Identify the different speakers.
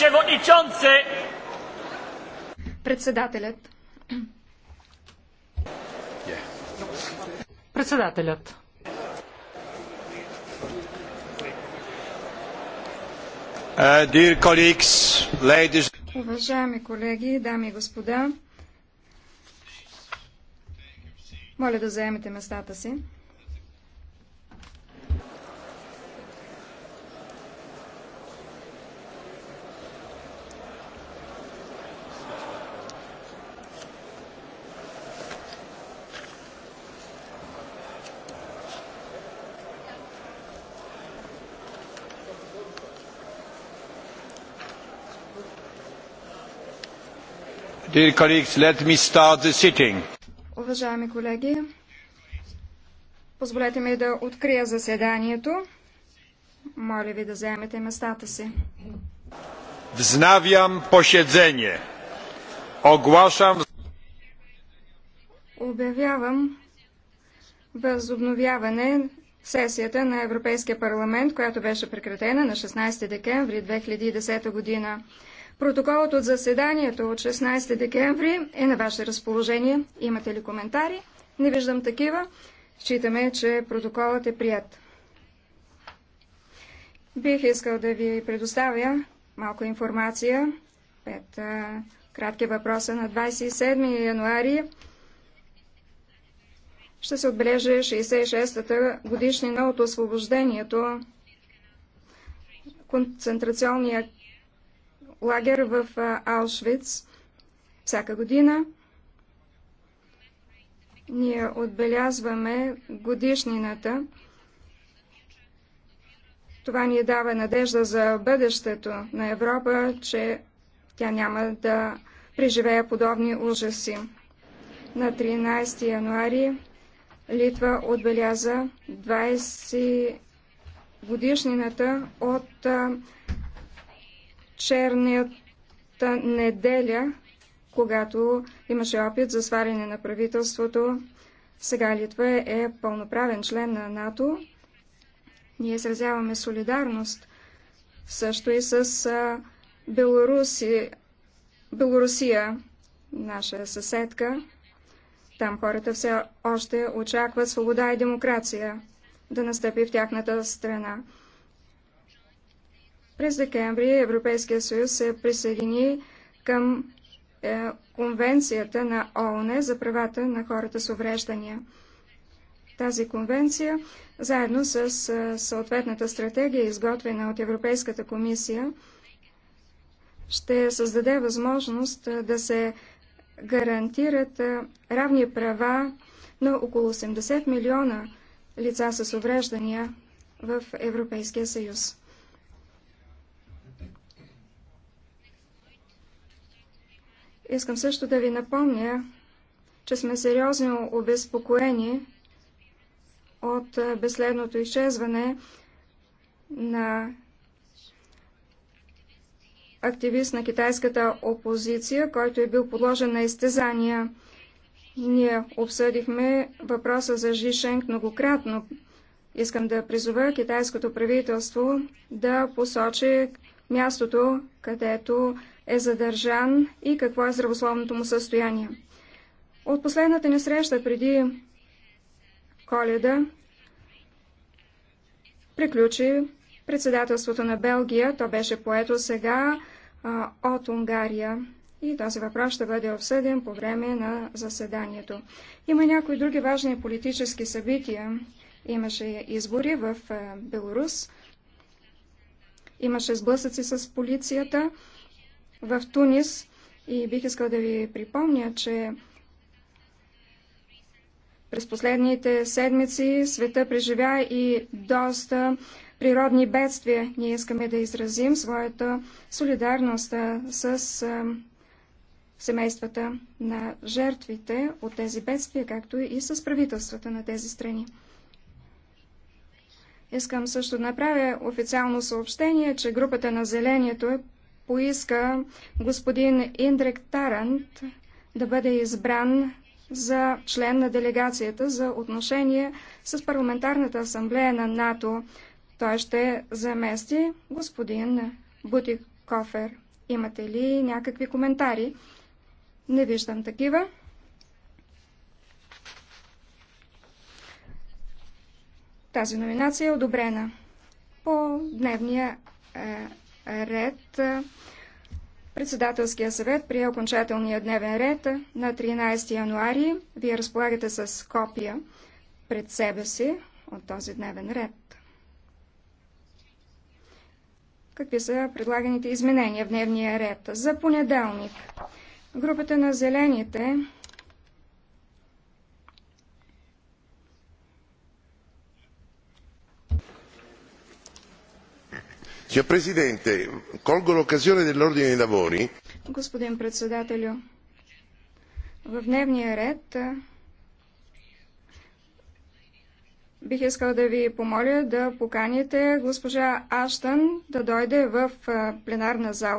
Speaker 1: przewodniczący! Председателят. Председателят. Uh, Уважаеми колеги, дами и господа, моля да заемете местата си. Dear colleagues, let me start the sitting. Уважаеми колеги, позволете ми да открия заседанието. Моля ви да заемете местата си. Взнавям поседение. Оглашам... Обявявам възобновяване сесията на Европейския парламент, която беше прекратена на 16 декември 2010 година. Протоколът от заседанието от 16 декември е на ваше разположение. Имате ли коментари? Не виждам такива. Считаме, че протоколът е прият. Бих искал да ви предоставя малко информация. Пет а, кратки въпроса на 27 януари. Ще се отбележи 66-та годишнина от освобождението концентрационния лагер в Аушвиц. Всяка година ние отбелязваме годишнината. Това ни дава надежда за бъдещето на Европа, че тя няма да преживее подобни ужаси. На 13 януари Литва отбеляза 20 годишнината от черната неделя, когато имаше опит за сваряне на правителството. Сега Литва е пълноправен член на НАТО. Ние изразяваме солидарност също и с Белоруси, Белорусия, наша съседка. Там хората все още очакват свобода и демокрация да настъпи в тяхната страна. През декември Европейския съюз се присъедини към е, Конвенцията на ООН за правата на хората с увреждания. Тази конвенция, заедно с е, съответната стратегия, изготвена от Европейската комисия, ще създаде възможност е, да се гарантират е, равни права на около 80 милиона лица с увреждания в Европейския съюз. Искам също да ви напомня, че сме сериозно обезпокоени от безследното изчезване на активист на китайската опозиция, който е бил подложен на изтезания. Ние обсъдихме въпроса за Жишенг многократно. Искам да призова китайското правителство да посочи мястото, където е задържан и какво е здравословното му състояние. От последната ни среща преди коледа приключи председателството на Белгия. То беше поето сега а, от Унгария. И този въпрос ще бъде обсъден по време на заседанието. Има някои други важни политически събития. Имаше избори в Беларус. Имаше сблъсъци с полицията в Тунис и бих искал да ви припомня, че през последните седмици света преживя и доста природни бедствия. Ние искаме да изразим своята солидарност с семействата на жертвите от тези бедствия, както и с правителствата на тези страни. Искам също да направя официално съобщение, че групата на Зелението поиска господин Индрек Тарант да бъде избран за член на делегацията за отношение с Парламентарната асамблея на НАТО. Той ще замести господин Бутикофер. Имате ли някакви коментари? Не виждам такива. Тази номинация е одобрена. По дневния е, ред е, Председателския съвет прие окончателния дневен ред на 13 януари. Вие разполагате с копия пред себе си от този дневен ред. Какви са предлаганите изменения в дневния ред? За понеделник групата на зелените Signor Presidente, colgo l'occasione dell'ordine dei lavori. Господин председателю, в дневния ред бих искал да ви помоля да поканите госпожа Аштън да дойде в пленарна зала.